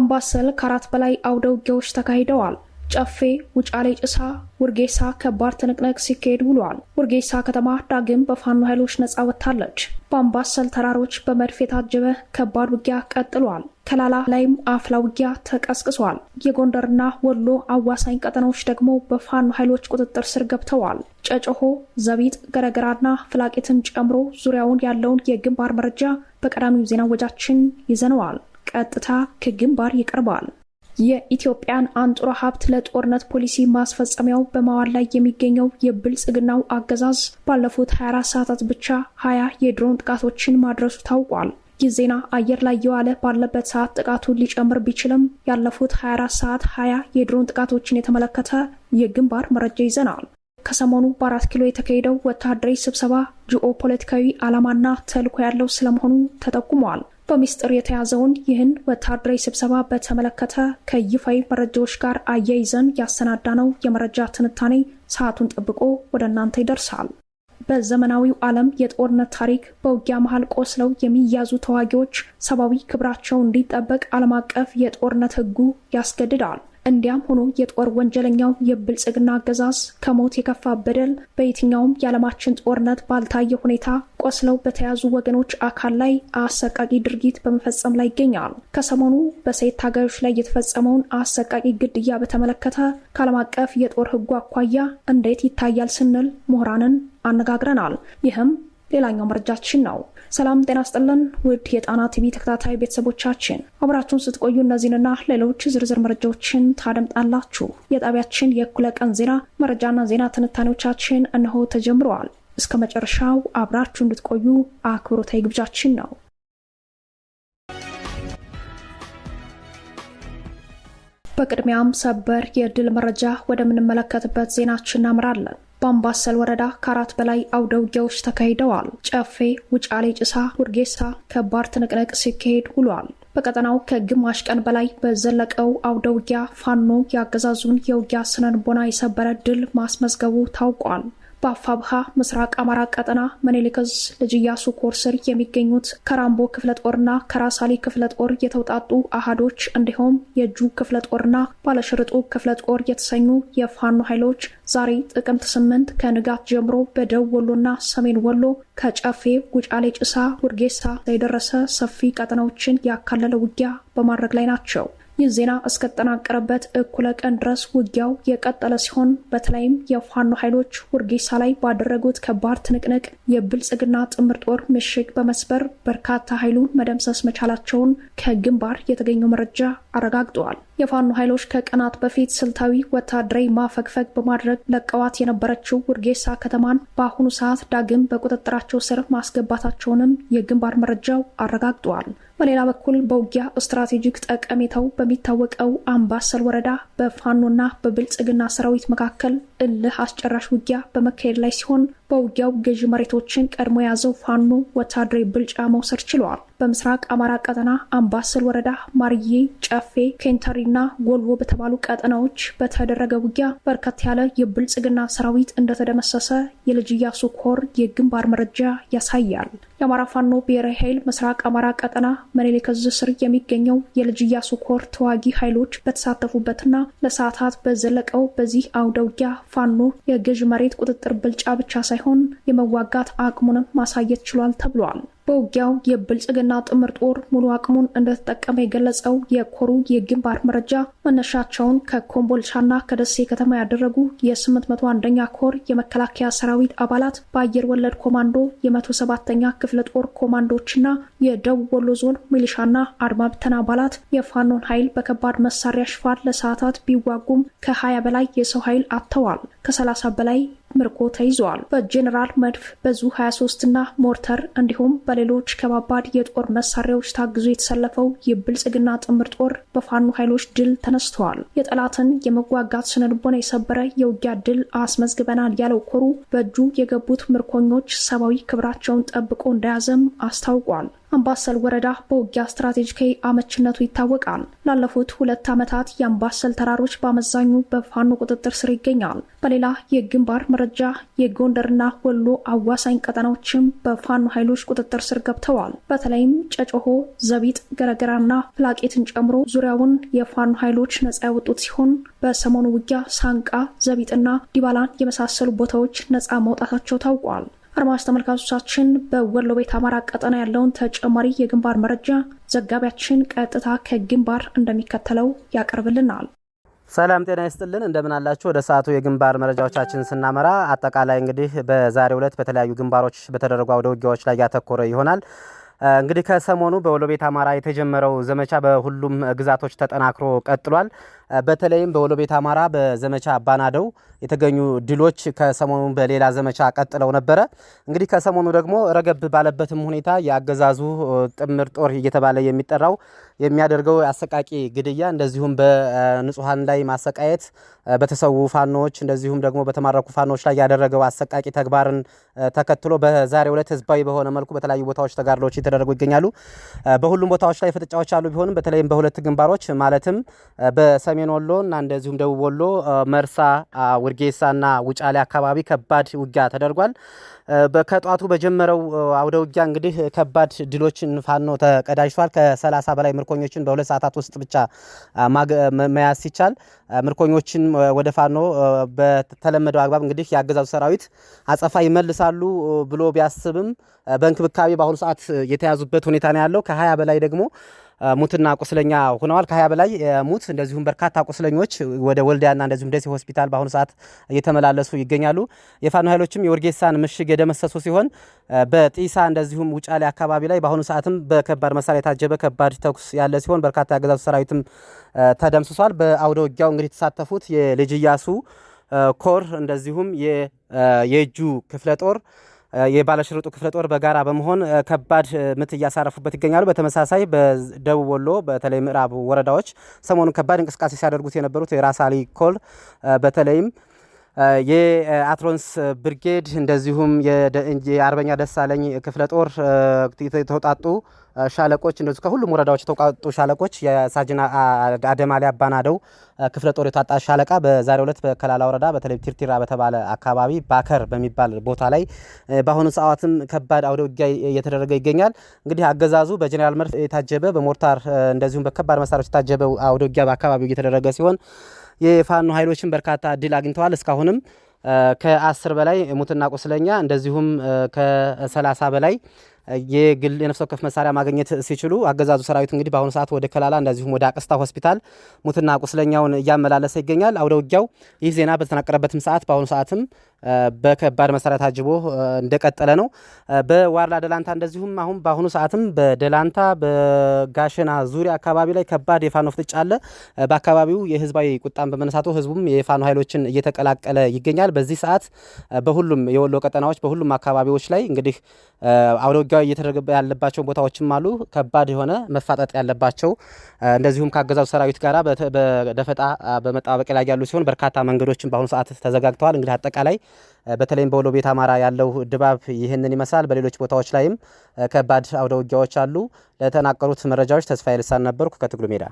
በአምባሰል ከአራት በላይ አውደ ውጊያዎች ተካሂደዋል። ጨፌ፣ ውጫሌ ጭሳ፣ ውርጌሳ ከባድ ትንቅንቅ ሲካሄድ ውሏል። ውርጌሳ ከተማ ዳግም በፋኖ ኃይሎች ነጻ ወጥታለች። በአምባሰል ተራሮች በመድፍ የታጀበ ከባድ ውጊያ ቀጥሏል። ከላላ ላይም አፍላ ውጊያ ተቀስቅሷል። የጎንደርና ወሎ አዋሳኝ ቀጠናዎች ደግሞ በፋኖ ኃይሎች ቁጥጥር ስር ገብተዋል። ጨጨሆ፣ ዘቢጥ፣ ገረገራና ፍላቄትን ጨምሮ ዙሪያውን ያለውን የግንባር መረጃ በቀዳሚው ዜና ወጃችን ይዘነዋል። ቀጥታ ከግንባር ይቀርባል። የኢትዮጵያን አንጡራ ሀብት ለጦርነት ፖሊሲ ማስፈጸሚያው በማዋል ላይ የሚገኘው የብልጽግናው አገዛዝ ባለፉት 24 ሰዓታት ብቻ 20 የድሮን ጥቃቶችን ማድረሱ ታውቋል። ይህ ዜና አየር ላይ የዋለ ባለበት ሰዓት ጥቃቱን ሊጨምር ቢችልም ያለፉት 24 ሰዓት 20 የድሮን ጥቃቶችን የተመለከተ የግንባር መረጃ ይዘናል። ከሰሞኑ በአራት ኪሎ የተካሄደው ወታደራዊ ስብሰባ ጂኦ ፖለቲካዊ ዓላማና ተልኮ ያለው ስለመሆኑ ተጠቁሟል። በሚስጥር የተያዘውን ይህን ወታደራዊ ስብሰባ በተመለከተ ከይፋዊ መረጃዎች ጋር አያይዘን ነው። የመረጃ ትንታኔ ሰዓቱን ጠብቆ ወደ እናንተ ይደርሳል። በዘመናዊው ዓለም የጦርነት ታሪክ በውጊያ መሃል ቆስለው የሚያዙ ተዋጊዎች ሰብአዊ ክብራቸው እንዲጠበቅ ዓለም አቀፍ የጦርነት ሕጉ ያስገድዳል። እንዲያም ሆኖ የጦር ወንጀለኛው የብልጽግና አገዛዝ ከሞት የከፋ በደል በየትኛውም የዓለማችን ጦርነት ባልታየ ሁኔታ ቆስለው በተያዙ ወገኖች አካል ላይ አሰቃቂ ድርጊት በመፈጸም ላይ ይገኛል። ከሰሞኑ በሴት ታጋዮች ላይ የተፈጸመውን አሰቃቂ ግድያ በተመለከተ ከዓለም አቀፍ የጦር ሕጉ አኳያ እንዴት ይታያል ስንል ምሁራንን አነጋግረናል። ይህም ሌላኛው መረጃችን ነው። ሰላም ጤና ስጥልን ውድ የጣና ቲቪ ተከታታይ ቤተሰቦቻችን አብራችሁን ስትቆዩ እነዚህንና ሌሎች ዝርዝር መረጃዎችን ታደምጣላችሁ። የጣቢያችን የእኩለ ቀን ዜና መረጃና ዜና ትንታኔዎቻችን እነሆ ተጀምረዋል። እስከ መጨረሻው አብራችሁ እንድትቆዩ አክብሮታዊ ግብዣችን ነው። በቅድሚያም ሰበር የድል መረጃ ወደምንመለከትበት ዜናችን እናምራለን። በአምባሰል ወረዳ ከአራት በላይ አውደ ውጊያዎች ተካሂደዋል። ጨፌ፣ ውጫሌ፣ ጭሳ፣ ውርጌሳ ከባድ ትንቅንቅ ሲካሄድ ውሏል። በቀጠናው ከግማሽ ቀን በላይ በዘለቀው አውደ ውጊያ ፋኖ የአገዛዙን የውጊያ ስነልቦና የሰበረ ድል ማስመዝገቡ ታውቋል። በአፋብሃ ምስራቅ አማራ ቀጠና መኔሊከዝ ልጅ ኢያሱ ኮር ስር የሚገኙት ከራምቦ ክፍለ ጦርና ከራሳሊ ክፍለ ጦር የተውጣጡ አሃዶች እንዲሁም የእጁ ክፍለ ጦርና ባለሽርጡ ክፍለ ጦር የተሰኙ የፋኖ ኃይሎች ዛሬ ጥቅምት ስምንት ከንጋት ጀምሮ በደቡብ ወሎና ሰሜን ወሎ ከጨፌ ጉጫሌ፣ ጭሳ፣ ውርጌሳ የደረሰ ሰፊ ቀጠናዎችን ያካለለ ውጊያ በማድረግ ላይ ናቸው። ይህ ዜና እስከጠናቀረበት እኩለ ቀን ድረስ ውጊያው የቀጠለ ሲሆን በተለይም የፋኖ ኃይሎች ውርጌሳ ላይ ባደረጉት ከባድ ትንቅንቅ የብልጽግና ጥምር ጦር ምሽግ በመስበር በርካታ ኃይሉን መደምሰስ መቻላቸውን ከግንባር የተገኘው መረጃ አረጋግጠዋል። የፋኖ ኃይሎች ከቀናት በፊት ስልታዊ ወታደራዊ ማፈግፈግ በማድረግ ለቀዋት የነበረችው ውርጌሳ ከተማን በአሁኑ ሰዓት ዳግም በቁጥጥራቸው ስር ማስገባታቸውንም የግንባር መረጃው አረጋግጠዋል። በሌላ በኩል በውጊያ ስትራቴጂክ ጠቀሜታው በሚታወቀው አምባሰል ወረዳ በፋኖና በብልጽግና ሰራዊት መካከል እልህ አስጨራሽ ውጊያ በመካሄድ ላይ ሲሆን በውጊያው ገዢ መሬቶችን ቀድሞ የያዘው ፋኖ ወታደራዊ ብልጫ መውሰድ ችለዋል። በምስራቅ አማራ ቀጠና አምባሰል ወረዳ ማርዬ፣ ጨፌ፣ እና ጎልቦ በተባሉ ቀጠናዎች በተደረገ ውጊያ በርከት ያለ የብልጽግና ሰራዊት እንደተደመሰሰ የልጅ ኢያሱ ኮር የግንባር መረጃ ያሳያል። የአማራ ፋኖ ብሔራዊ ኃይል ምስራቅ አማራ ቀጠና ምኒልክ ስር የሚገኘው የልጅ ኢያሱ ኮር ተዋጊ ኃይሎች በተሳተፉበትና ለሰዓታት በዘለቀው በዚህ አውደ ውጊያ ፋኖ የገዥ መሬት ቁጥጥር ብልጫ ብቻ ሳይሆን የመዋጋት አቅሙንም ማሳየት ችሏል ተብሏል። በውጊያው የብልጽግና ጥምር ጦር ሙሉ አቅሙን እንደተጠቀመ የገለጸው የኮሩ የግንባር መረጃ መነሻቸውን ከኮምቦልቻና ከደሴ ከተማ ያደረጉ የ801ኛ ኮር የመከላከያ ሰራዊት አባላት በአየር ወለድ ኮማንዶ የ107ኛ ክፍለ ጦር ኮማንዶዎችና የደቡብ ወሎ ዞን ሚሊሻና አድማብተን አባላት የፋኖን ኃይል በከባድ መሳሪያ ሽፋን ለሰዓታት ቢዋጉም ከ20 በላይ የሰው ኃይል አጥተዋል። ከ30 በላይ ምርኮ ተይዘዋል። በጄኔራል መድፍ በዙ 23ና ሞርተር እንዲሁም በሌሎች ከባባድ የጦር መሳሪያዎች ታግዞ የተሰለፈው የብልጽግና ጥምር ጦር በፋኖ ኃይሎች ድል ተነስተዋል። የጠላትን የመዋጋት ስነልቦና የሰበረ የውጊያ ድል አስመዝግበናል ያለው ኮሩ በእጁ የገቡት ምርኮኞች ሰብአዊ ክብራቸውን ጠብቆ እንደያዘም አስታውቋል። አምባሰል ወረዳ በውጊያ ስትራቴጂካዊ አመችነቱ ይታወቃል። ላለፉት ሁለት ዓመታት የአምባሰል ተራሮች በአመዛኙ በፋኖ ቁጥጥር ስር ይገኛል። በሌላ የግንባር መረጃ የጎንደርና ወሎ አዋሳኝ ቀጠናዎችም በፋኖ ኃይሎች ቁጥጥር ስር ገብተዋል። በተለይም ጨጮሆ፣ ዘቢጥ፣ ገረገራና ፍላቄትን ጨምሮ ዙሪያውን የፋኖ ኃይሎች ነጻ ያወጡት ሲሆን በሰሞኑ ውጊያ ሳንቃ፣ ዘቢጥና ዲባላን የመሳሰሉ ቦታዎች ነጻ መውጣታቸው ታውቋል። አድማጭ ተመልካቾቻችን በወሎ ቤት አማራ ቀጠና ያለውን ተጨማሪ የግንባር መረጃ ዘጋቢያችን ቀጥታ ከግንባር እንደሚከተለው ያቀርብልናል። ሰላም ጤና ይስጥልን፣ እንደምን አላችሁ? ወደ ሰዓቱ የግንባር መረጃዎቻችን ስናመራ አጠቃላይ እንግዲህ በዛሬው ዕለት በተለያዩ ግንባሮች በተደረጉ አውደ ውጊያዎች ላይ ያተኮረ ይሆናል። እንግዲህ ከሰሞኑ በወሎ ቤት አማራ የተጀመረው ዘመቻ በሁሉም ግዛቶች ተጠናክሮ ቀጥሏል። በተለይም በወሎ ቤት አማራ በዘመቻ አባናደው የተገኙ ድሎች ከሰሞኑ በሌላ ዘመቻ ቀጥለው ነበረ። እንግዲህ ከሰሞኑ ደግሞ ረገብ ባለበትም ሁኔታ የአገዛዙ ጥምር ጦር እየተባለ የሚጠራው የሚያደርገው አሰቃቂ ግድያ፣ እንደዚሁም በንጹሐን ላይ ማሰቃየት፣ በተሰዉ ፋኖዎች እንደዚሁም ደግሞ በተማረኩ ፋኖዎች ላይ ያደረገው አሰቃቂ ተግባርን ተከትሎ በዛሬው ዕለት ህዝባዊ በሆነ መልኩ በተለያዩ ቦታዎች ተጋድሎዎች የተደረጉ ይገኛሉ። በሁሉም ቦታዎች ላይ ፍጥጫዎች አሉ ቢሆንም በተለይም በሁለት ግንባሮች ማለትም በሰሜ ሰሜን ወሎ እና እንደዚሁም ደቡብ ወሎ መርሳ፣ ውርጌሳና ውጫሌ አካባቢ ከባድ ውጊያ ተደርጓል። ከጧቱ በጀመረው አውደ ውጊያ እንግዲህ ከባድ ድሎችን ፋኖ ተቀዳጅቷል ከሰላሳ በላይ ምርኮኞችን በሁለት ሰዓታት ውስጥ ብቻ መያዝ ሲቻል ምርኮኞችን ወደ ፋኖ በተለመደው አግባብ እንግዲህ የአገዛዙ ሰራዊት አጸፋ ይመልሳሉ ብሎ ቢያስብም በእንክብካቤ በአሁኑ ሰዓት የተያዙበት ሁኔታ ነው ያለው ከሀያ በላይ ደግሞ ሙትና ቁስለኛ ሆነዋል። ከሀያ በላይ ሙት እንደዚሁም በርካታ ቁስለኞች ወደ ወልዲያና እንደዚሁም ደሴ ሆስፒታል በአሁኑ ሰዓት እየተመላለሱ ይገኛሉ። የፋኖ ኃይሎችም የወርጌሳን ምሽግ የደመሰሱ ሲሆን በጢሳ እንደዚሁም ውጫሌ አካባቢ ላይ በአሁኑ ሰዓትም በከባድ መሳሪያ የታጀበ ከባድ ተኩስ ያለ ሲሆን በርካታ ያገዛዙ ሰራዊትም ተደምስሷል። በአውደ ውጊያው እንግዲህ የተሳተፉት የልጅያሱ ኮር እንደዚሁም የእጁ ክፍለ ጦር የባለሽርጡ ክፍለ ጦር በጋራ በመሆን ከባድ ምት እያሳረፉበት ይገኛሉ። በተመሳሳይ በደቡብ ወሎ በተለይ ምዕራብ ወረዳዎች ሰሞኑን ከባድ እንቅስቃሴ ሲያደርጉት የነበሩት የራስ አሊ ኮል በተለይም የአትሮንስ ብርጌድ እንደዚሁም የአርበኛ ደሳለኝ ክፍለ ጦር የተውጣጡ ሻለቆች እንደዚሁ ከሁሉም ወረዳዎች የተውጣጡ ሻለቆች የሳጅን አደማሊ አባናደው ክፍለ ጦር የታጣ ሻለቃ በዛሬው ዕለት በከላላ ወረዳ በተለይ ቲርቲራ በተባለ አካባቢ ባከር በሚባል ቦታ ላይ በአሁኑ ሰዓትም ከባድ አውደ ውጊያ እየተደረገ ይገኛል። እንግዲህ አገዛዙ በጀኔራል መርፍ የታጀበ በሞርታር እንደዚሁም በከባድ መሳሪያዎች የታጀበ አውደ ውጊያ በአካባቢው እየተደረገ ሲሆን የፋኖ ኃይሎችን በርካታ ድል አግኝተዋል። እስካሁንም ከአስር በላይ ሙትና ቁስለኛ እንደዚሁም ከሰላሳ በላይ የግል የነፍስ ወከፍ መሳሪያ ማግኘት ሲችሉ አገዛዙ ሰራዊት እንግዲህ በአሁኑ ሰዓት ወደ ከላላ እንደዚሁም ወደ አቅስታ ሆስፒታል ሙትና ቁስለኛውን እያመላለሰ ይገኛል። አውደ ውጊያው ይህ ዜና በተጠናቀረበትም ሰዓት በአሁኑ ሰዓትም በከባድ መሳሪያ ታጅቦ እንደቀጠለ ነው። በዋርላ ደላንታ እንደዚሁም አሁን በአሁኑ ሰዓትም በደላንታ በጋሸና ዙሪያ አካባቢ ላይ ከባድ የፋኖ ፍጥጫ አለ። በአካባቢው የህዝባዊ ቁጣን በመነሳቱ ህዝቡም የፋኖ ኃይሎችን እየተቀላቀለ ይገኛል። በዚህ ሰዓት በሁሉም የወሎ ቀጠናዎች፣ በሁሉም አካባቢዎች ላይ እንግዲህ አውደ ውጊያ እየተደረገ ያለባቸው ቦታዎችም አሉ። ከባድ የሆነ መፋጠጥ ያለባቸው እንደዚሁም ከአገዛዙ ሰራዊት ጋር በደፈጣ በመጣበቅ ላይ ያሉ ሲሆን በርካታ መንገዶችም በአሁኑ ሰዓት ተዘጋግተዋል። እንግዲህ አጠቃላይ በተለይም በወሎ ቤት አማራ ያለው ድባብ ይህንን ይመስላል። በሌሎች ቦታዎች ላይም ከባድ አውደ ውጊያዎች አሉ። ለተናቀሩት መረጃዎች ተስፋ ልሳን ነበርኩ ከትግሉ ሜዳ።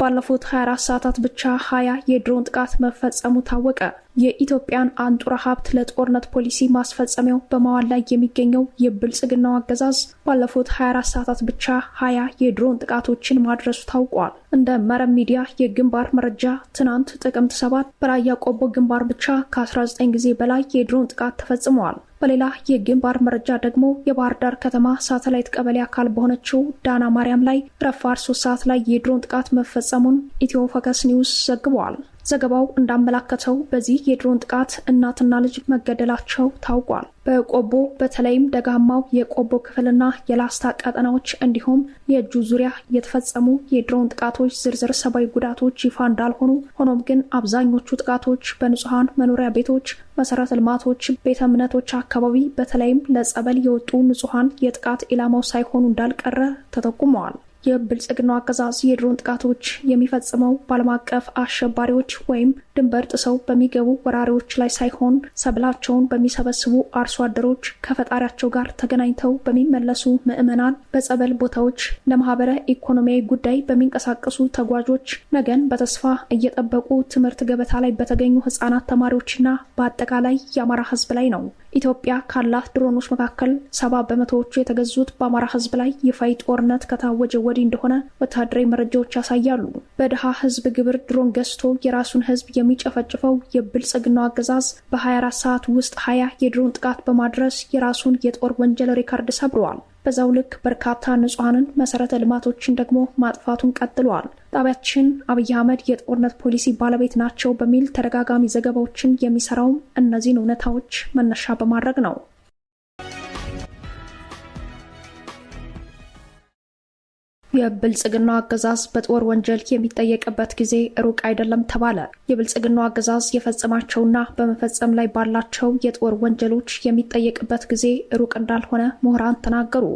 ባለፉት 24 ሰዓታት ብቻ 20 የድሮን ጥቃት መፈጸሙ ታወቀ። የኢትዮጵያን አንጡራ ሀብት ለጦርነት ፖሊሲ ማስፈጸሚያው በማዋል ላይ የሚገኘው የብልጽግናው አገዛዝ ባለፉት 24 ሰዓታት ብቻ 20 የድሮን ጥቃቶችን ማድረሱ ታውቋል። እንደ መረብ ሚዲያ የግንባር መረጃ ትናንት ጥቅምት 7 በራያ ቆቦ ግንባር ብቻ ከ19 ጊዜ በላይ የድሮን ጥቃት ተፈጽመዋል። በሌላ የግንባር መረጃ ደግሞ የባህር ዳር ከተማ ሳተላይት ቀበሌ አካል በሆነችው ዳና ማርያም ላይ ረፋር ሶስት ሰዓት ላይ የድሮን ጥቃት መፈጸሙን ኢትዮፎከስ ኒውስ ዘግቧል። ዘገባው እንዳመላከተው በዚህ የድሮን ጥቃት እናትና ልጅ መገደላቸው ታውቋል። በቆቦ በተለይም ደጋማው የቆቦ ክፍልና የላስታ ቀጠናዎች እንዲሁም የእጁ ዙሪያ የተፈጸሙ የድሮን ጥቃቶች ዝርዝር ሰብአዊ ጉዳቶች ይፋ እንዳልሆኑ፣ ሆኖም ግን አብዛኞቹ ጥቃቶች በንጹሐን መኖሪያ ቤቶች፣ መሰረተ ልማቶች፣ ቤተ እምነቶች አካባቢ በተለይም ለጸበል የወጡ ንጹሐን የጥቃት ኢላማው ሳይሆኑ እንዳልቀረ ተጠቁመዋል። የብልጽግናው አገዛዝ የድሮን ጥቃቶች የሚፈጽመው በዓለም አቀፍ አሸባሪዎች ወይም ድንበር ጥሰው በሚገቡ ወራሪዎች ላይ ሳይሆን ሰብላቸውን በሚሰበስቡ አርሶ አደሮች፣ ከፈጣሪያቸው ጋር ተገናኝተው በሚመለሱ ምዕመናን፣ በጸበል ቦታዎች፣ ለማህበረ ኢኮኖሚያዊ ጉዳይ በሚንቀሳቀሱ ተጓዦች፣ ነገን በተስፋ እየጠበቁ ትምህርት ገበታ ላይ በተገኙ ህጻናት ተማሪዎችና በአጠቃላይ የአማራ ህዝብ ላይ ነው። ኢትዮጵያ ካላት ድሮኖች መካከል ሰባ በመቶዎቹ የተገዙት በአማራ ሕዝብ ላይ ይፋዊ ጦርነት ከታወጀ ወዲህ እንደሆነ ወታደራዊ መረጃዎች ያሳያሉ። በድሃ ሕዝብ ግብር ድሮን ገዝቶ የራሱን ሕዝብ የሚጨፈጭፈው የብልጽግናው አገዛዝ በ24 ሰዓት ውስጥ 20 የድሮን ጥቃት በማድረስ የራሱን የጦር ወንጀል ሪካርድ ሰብረዋል። በዛው ልክ በርካታ ንጹሐንን መሰረተ ልማቶችን ደግሞ ማጥፋቱን ቀጥሏል። ጣቢያችን አብይ አህመድ የጦርነት ፖሊሲ ባለቤት ናቸው በሚል ተደጋጋሚ ዘገባዎችን የሚሰራውም እነዚህን እውነታዎች መነሻ በማድረግ ነው። የብልጽግናው አገዛዝ በጦር ወንጀል የሚጠየቅበት ጊዜ ሩቅ አይደለም ተባለ። የብልጽግናው አገዛዝ የፈጸማቸውና በመፈጸም ላይ ባላቸው የጦር ወንጀሎች የሚጠየቅበት ጊዜ ሩቅ እንዳልሆነ ምሁራን ተናገሩ።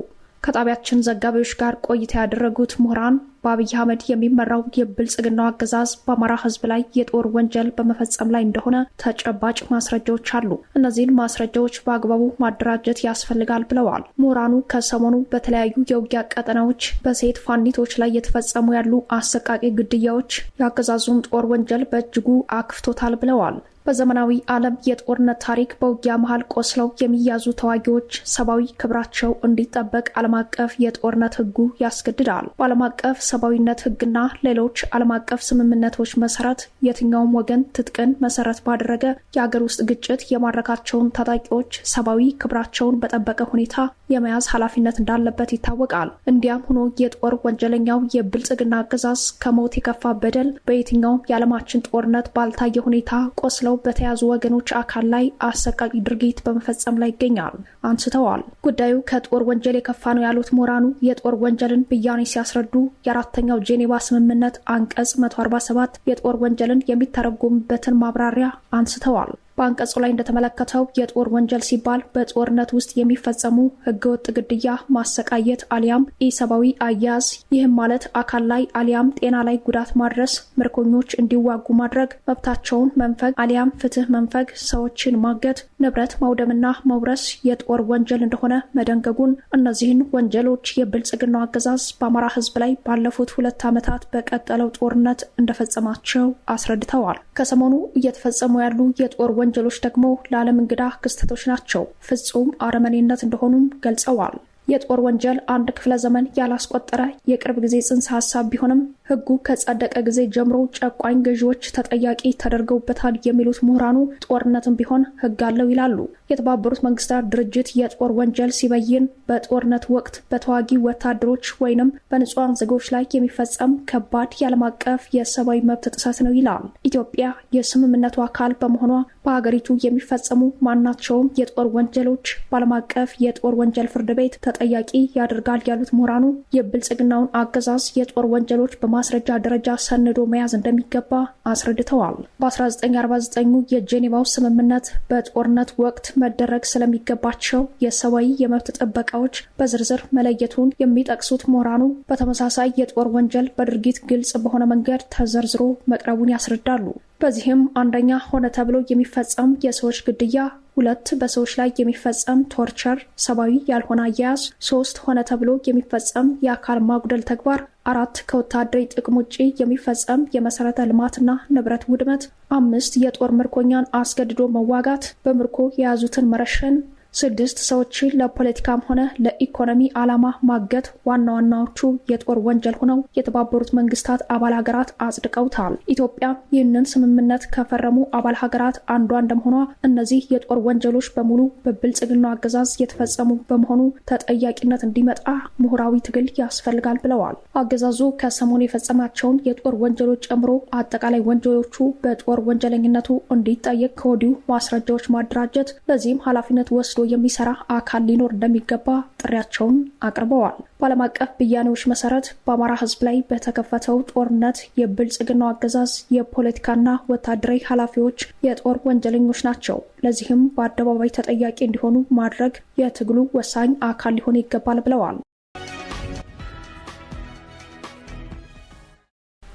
ከጣቢያችን ዘጋቢዎች ጋር ቆይታ ያደረጉት ምሁራን በአብይ አህመድ የሚመራው የብልጽግናው አገዛዝ በአማራ ሕዝብ ላይ የጦር ወንጀል በመፈጸም ላይ እንደሆነ ተጨባጭ ማስረጃዎች አሉ። እነዚህን ማስረጃዎች በአግባቡ ማደራጀት ያስፈልጋል ብለዋል ምሁራኑ። ከሰሞኑ በተለያዩ የውጊያ ቀጠናዎች በሴት ፋኒቶች ላይ የተፈጸሙ ያሉ አሰቃቂ ግድያዎች የአገዛዙን ጦር ወንጀል በእጅጉ አክፍቶታል ብለዋል። በዘመናዊ ዓለም የጦርነት ታሪክ በውጊያ መሃል ቆስለው የሚያዙ ተዋጊዎች ሰብአዊ ክብራቸው እንዲጠበቅ ዓለም አቀፍ የጦርነት ሕጉ ያስገድዳል። በዓለም አቀፍ ሰብአዊነት ሕግና ሌሎች ዓለም አቀፍ ስምምነቶች መሰረት የትኛውም ወገን ትጥቅን መሰረት ባደረገ የአገር ውስጥ ግጭት የማድረካቸውን ታጣቂዎች ሰብአዊ ክብራቸውን በጠበቀ ሁኔታ የመያዝ ኃላፊነት እንዳለበት ይታወቃል። እንዲያም ሆኖ የጦር ወንጀለኛው የብልጽግና አገዛዝ ከሞት የከፋ በደል በየትኛውም የዓለማችን ጦርነት ባልታየ ሁኔታ ቆስለው ተይዘው በተያዙ ወገኖች አካል ላይ አሰቃቂ ድርጊት በመፈጸም ላይ ይገኛል አንስተዋል። ጉዳዩ ከጦር ወንጀል የከፋ ነው ያሉት ሞራኑ የጦር ወንጀልን ብያኔ ሲያስረዱ የአራተኛው ጄኔቫ ስምምነት አንቀጽ 147 የጦር ወንጀልን የሚተረጎምበትን ማብራሪያ አንስተዋል። በአንቀጹ ላይ እንደተመለከተው የጦር ወንጀል ሲባል በጦርነት ውስጥ የሚፈጸሙ ህገወጥ ግድያ፣ ማሰቃየት አሊያም ኢሰብአዊ አያያዝ፣ ይህም ማለት አካል ላይ አሊያም ጤና ላይ ጉዳት ማድረስ፣ ምርኮኞች እንዲዋጉ ማድረግ፣ መብታቸውን መንፈግ አሊያም ፍትህ መንፈግ፣ ሰዎችን ማገት፣ ንብረት ማውደምና መውረስ የጦር ወንጀል እንደሆነ መደንገጉን እነዚህን ወንጀሎች የብልጽግናው አገዛዝ በአማራ ህዝብ ላይ ባለፉት ሁለት ዓመታት በቀጠለው ጦርነት እንደፈጸማቸው አስረድተዋል። ከሰሞኑ እየተፈጸሙ ያሉ የጦር ወንጀ ወንጀሎች ደግሞ ለዓለም እንግዳ ክስተቶች ናቸው፣ ፍጹም አረመኔነት እንደሆኑም ገልጸዋል። የጦር ወንጀል አንድ ክፍለ ዘመን ያላስቆጠረ የቅርብ ጊዜ ጽንሰ ሀሳብ ቢሆንም ሕጉ ከጸደቀ ጊዜ ጀምሮ ጨቋኝ ገዢዎች ተጠያቂ ተደርገውበታል የሚሉት ምሁራኑ ጦርነትም ቢሆን ሕግ አለው ይላሉ። የተባበሩት መንግስታት ድርጅት የጦር ወንጀል ሲበይን በጦርነት ወቅት በተዋጊ ወታደሮች ወይንም በንጹሐን ዜጎች ላይ የሚፈጸም ከባድ የዓለም አቀፍ የሰብአዊ መብት ጥሰት ነው ይላል። ኢትዮጵያ የስምምነቱ አካል በመሆኗ በሀገሪቱ የሚፈጸሙ ማናቸውም የጦር ወንጀሎች በዓለም አቀፍ የጦር ወንጀል ፍርድ ቤት ተጠያቂ ያደርጋል ያሉት ምሁራኑ የብልጽግናውን አገዛዝ የጦር ወንጀሎች በማስረጃ ደረጃ ሰንዶ መያዝ እንደሚገባ አስረድተዋል። በ1949 የጄኔቫው ስምምነት በጦርነት ወቅት መደረግ ስለሚገባቸው የሰብአዊ የመብት ጥበቃዎች በዝርዝር መለየቱን የሚጠቅሱት ምሁራኑ በተመሳሳይ የጦር ወንጀል በድርጊት ግልጽ በሆነ መንገድ ተዘርዝሮ መቅረቡን ያስረዳሉ። በዚህም አንደኛ ሆነ ተብሎ የሚፈጸም የሰዎች ግድያ፣ ሁለት በሰዎች ላይ የሚፈጸም ቶርቸር፣ ሰብአዊ ያልሆነ አያያዝ፣ ሶስት ሆነ ተብሎ የሚፈጸም የአካል ማጉደል ተግባር፣ አራት ከወታደራዊ ጥቅም ውጪ የሚፈጸም የመሰረተ ልማትና ንብረት ውድመት፣ አምስት የጦር ምርኮኛን አስገድዶ መዋጋት፣ በምርኮ የያዙትን መረሸን፣ ስድስት ሰዎችን ለፖለቲካም ሆነ ለኢኮኖሚ ዓላማ ማገት ዋና ዋናዎቹ የጦር ወንጀል ሆነው የተባበሩት መንግስታት አባል ሀገራት አጽድቀውታል። ኢትዮጵያ ይህንን ስምምነት ከፈረሙ አባል ሀገራት አንዷ እንደመሆኗ እነዚህ የጦር ወንጀሎች በሙሉ በብልጽግና አገዛዝ የተፈጸሙ በመሆኑ ተጠያቂነት እንዲመጣ ምሁራዊ ትግል ያስፈልጋል ብለዋል። አገዛዙ ከሰሞኑ የፈጸማቸውን የጦር ወንጀሎች ጨምሮ አጠቃላይ ወንጀሎቹ በጦር ወንጀለኝነቱ እንዲጠየቅ ከወዲሁ ማስረጃዎች ማደራጀት፣ ለዚህም ኃላፊነት ወስዶ የሚሰራ አካል ሊኖር እንደሚገባ ጥሪያቸውን አቅርበዋል። በዓለም አቀፍ ብያኔዎች መሰረት በአማራ ሕዝብ ላይ በተከፈተው ጦርነት የብልጽግናው አገዛዝ የፖለቲካና ወታደራዊ ኃላፊዎች የጦር ወንጀለኞች ናቸው። ለዚህም በአደባባይ ተጠያቂ እንዲሆኑ ማድረግ የትግሉ ወሳኝ አካል ሊሆን ይገባል ብለዋል።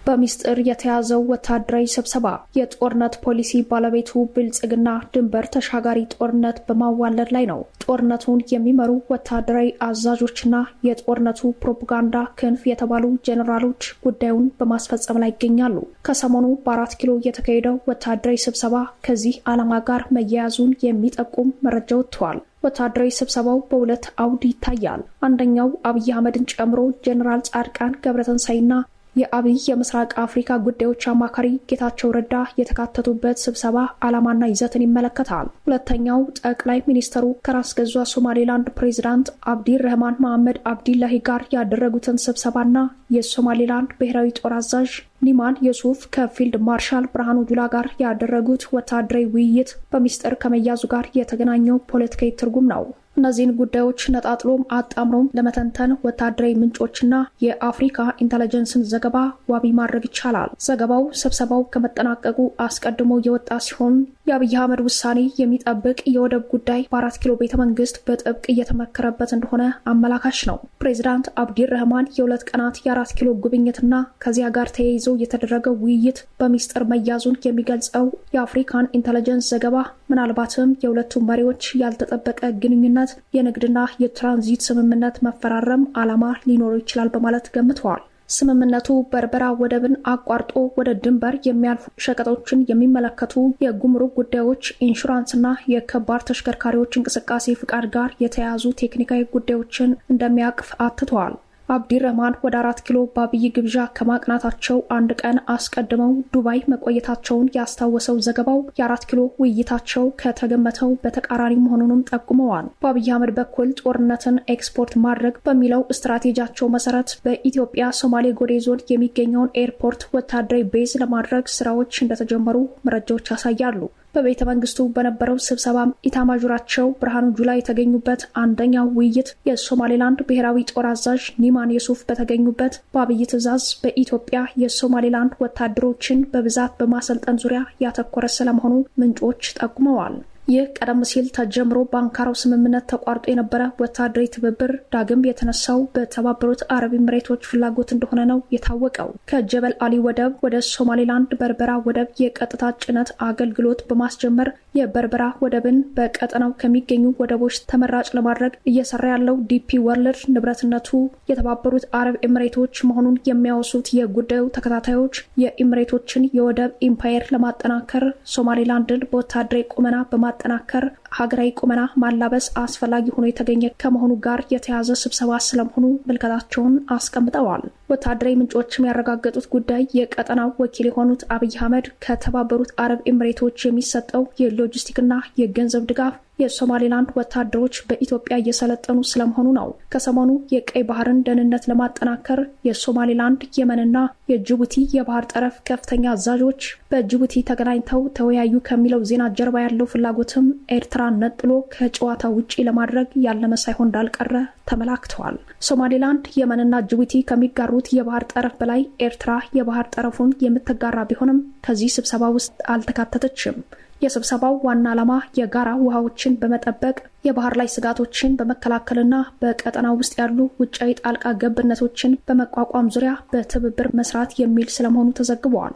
በሚስጥር የተያዘው ወታደራዊ ስብሰባ የጦርነት ፖሊሲ ባለቤቱ ብልጽግና ድንበር ተሻጋሪ ጦርነት በማዋለድ ላይ ነው። ጦርነቱን የሚመሩ ወታደራዊ አዛዦችና የጦርነቱ ፕሮፓጋንዳ ክንፍ የተባሉ ጀኔራሎች ጉዳዩን በማስፈጸም ላይ ይገኛሉ። ከሰሞኑ በአራት ኪሎ የተካሄደው ወታደራዊ ስብሰባ ከዚህ ዓላማ ጋር መያያዙን የሚጠቁም መረጃ ወጥተዋል። ወታደራዊ ስብሰባው በሁለት አውድ ይታያል። አንደኛው አብይ አህመድን ጨምሮ ጀኔራል ጻድቃን ገብረተንሳይና የአብይ የምስራቅ አፍሪካ ጉዳዮች አማካሪ ጌታቸው ረዳ የተካተቱበት ስብሰባ ዓላማና ይዘትን ይመለከታል። ሁለተኛው ጠቅላይ ሚኒስትሩ ከራስ ገዟ ሶማሌላንድ ፕሬዚዳንት አብዲ ረህማን መሐመድ አብዲላሂ ጋር ያደረጉትን ስብሰባና የሶማሌላንድ ብሔራዊ ጦር አዛዥ ኒማን የሱፍ ከፊልድ ማርሻል ብርሃኑ ጁላ ጋር ያደረጉት ወታደራዊ ውይይት በሚስጥር ከመያዙ ጋር የተገናኘው ፖለቲካዊ ትርጉም ነው። እነዚህን ጉዳዮች ነጣጥሎም አጣምሮም ለመተንተን ወታደራዊ ምንጮችና የአፍሪካ ኢንተለጀንስን ዘገባ ዋቢ ማድረግ ይቻላል። ዘገባው ስብሰባው ከመጠናቀቁ አስቀድሞ የወጣ ሲሆን የአብይ አህመድ ውሳኔ የሚጠብቅ የወደብ ጉዳይ በአራት ኪሎ ቤተ መንግስት በጥብቅ እየተመከረበት እንደሆነ አመላካች ነው። ፕሬዚዳንት ረህማን የሁለት ቀናት የአራት ኪሎ ጉብኝትና ከዚያ ጋር ተያይዞ የተደረገ ውይይት በሚስጥር መያዙን የሚገልጸው የአፍሪካን ኢንተለጀንስ ዘገባ ምናልባትም የሁለቱ መሪዎች ያልተጠበቀ ግንኙነት፣ የንግድና የትራንዚት ስምምነት መፈራረም ዓላማ ሊኖሩ ይችላል በማለት ገምተዋል። ስምምነቱ በርበራ ወደብን አቋርጦ ወደ ድንበር የሚያልፉ ሸቀጦችን የሚመለከቱ የጉምሩክ ጉዳዮች፣ ኢንሹራንስና የከባድ ተሽከርካሪዎች እንቅስቃሴ ፍቃድ ጋር የተያያዙ ቴክኒካዊ ጉዳዮችን እንደሚያቅፍ አትተዋል። አብዲረማን ወደ አራት ኪሎ በአብይ ግብዣ ከማቅናታቸው አንድ ቀን አስቀድመው ዱባይ መቆየታቸውን ያስታወሰው ዘገባው የአራት ኪሎ ውይይታቸው ከተገመተው በተቃራኒ መሆኑንም ጠቁመዋል። በአብይ አህመድ በኩል ጦርነትን ኤክስፖርት ማድረግ በሚለው ስትራቴጂያቸው መሰረት በኢትዮጵያ ሶማሌ ጎዴ ዞን የሚገኘውን ኤርፖርት ወታደራዊ ቤዝ ለማድረግ ስራዎች እንደተጀመሩ መረጃዎች ያሳያሉ። በቤተ መንግስቱ በነበረው ስብሰባም ኢታማዦራቸው ብርሃኑ ጁላ የተገኙበት አንደኛው ውይይት የሶማሌላንድ ብሔራዊ ጦር አዛዥ ኒማን የሱፍ በተገኙበት በአብይ ትዕዛዝ በኢትዮጵያ የሶማሌላንድ ወታደሮችን በብዛት በማሰልጠን ዙሪያ ያተኮረ ስለመሆኑ ምንጮች ጠቁመዋል። ይህ ቀደም ሲል ተጀምሮ በአንካራው ስምምነት ተቋርጦ የነበረ ወታደራዊ ትብብር ዳግም የተነሳው በተባበሩት አረብ ኤምሬቶች ፍላጎት እንደሆነ ነው የታወቀው። ከጀበል አሊ ወደብ ወደ ሶማሌላንድ በርበራ ወደብ የቀጥታ ጭነት አገልግሎት በማስጀመር የበርበራ ወደብን በቀጠናው ከሚገኙ ወደቦች ተመራጭ ለማድረግ እየሰራ ያለው ዲፒ ወርልድ ንብረትነቱ የተባበሩት አረብ ኤምሬቶች መሆኑን የሚያወሱት የጉዳዩ ተከታታዮች የኤምሬቶችን የወደብ ኢምፓየር ለማጠናከር ሶማሌላንድን በወታደራዊ ቁመና በማ ለማጠናከር ሀገራዊ ቁመና ማላበስ አስፈላጊ ሆኖ የተገኘ ከመሆኑ ጋር የተያዘ ስብሰባ ስለመሆኑ ምልከታቸውን አስቀምጠዋል። ወታደራዊ ምንጮችም ያረጋገጡት ጉዳይ የቀጠናው ወኪል የሆኑት አብይ አህመድ ከተባበሩት አረብ ኤምሬቶች የሚሰጠው የሎጂስቲክና የገንዘብ ድጋፍ የሶማሌላንድ ወታደሮች በኢትዮጵያ እየሰለጠኑ ስለመሆኑ ነው። ከሰሞኑ የቀይ ባህርን ደህንነት ለማጠናከር የሶማሌላንድ የመንና የጅቡቲ የባህር ጠረፍ ከፍተኛ አዛዦች በጅቡቲ ተገናኝተው ተወያዩ ከሚለው ዜና ጀርባ ያለው ፍላጎትም ኤርትራ ነጥሎ ከጨዋታ ውጪ ለማድረግ ያለመ ሳይሆን እንዳልቀረ ተመላክተዋል። ሶማሌላንድ፣ የመንና ጅቡቲ ከሚጋሩት የባህር ጠረፍ በላይ ኤርትራ የባህር ጠረፉን የምትጋራ ቢሆንም ከዚህ ስብሰባ ውስጥ አልተካተተችም። የስብሰባው ዋና ዓላማ የጋራ ውሃዎችን በመጠበቅ የባህር ላይ ስጋቶችን በመከላከልና በቀጠና ውስጥ ያሉ ውጫዊ ጣልቃ ገብነቶችን በመቋቋም ዙሪያ በትብብር መስራት የሚል ስለመሆኑ ተዘግበዋል።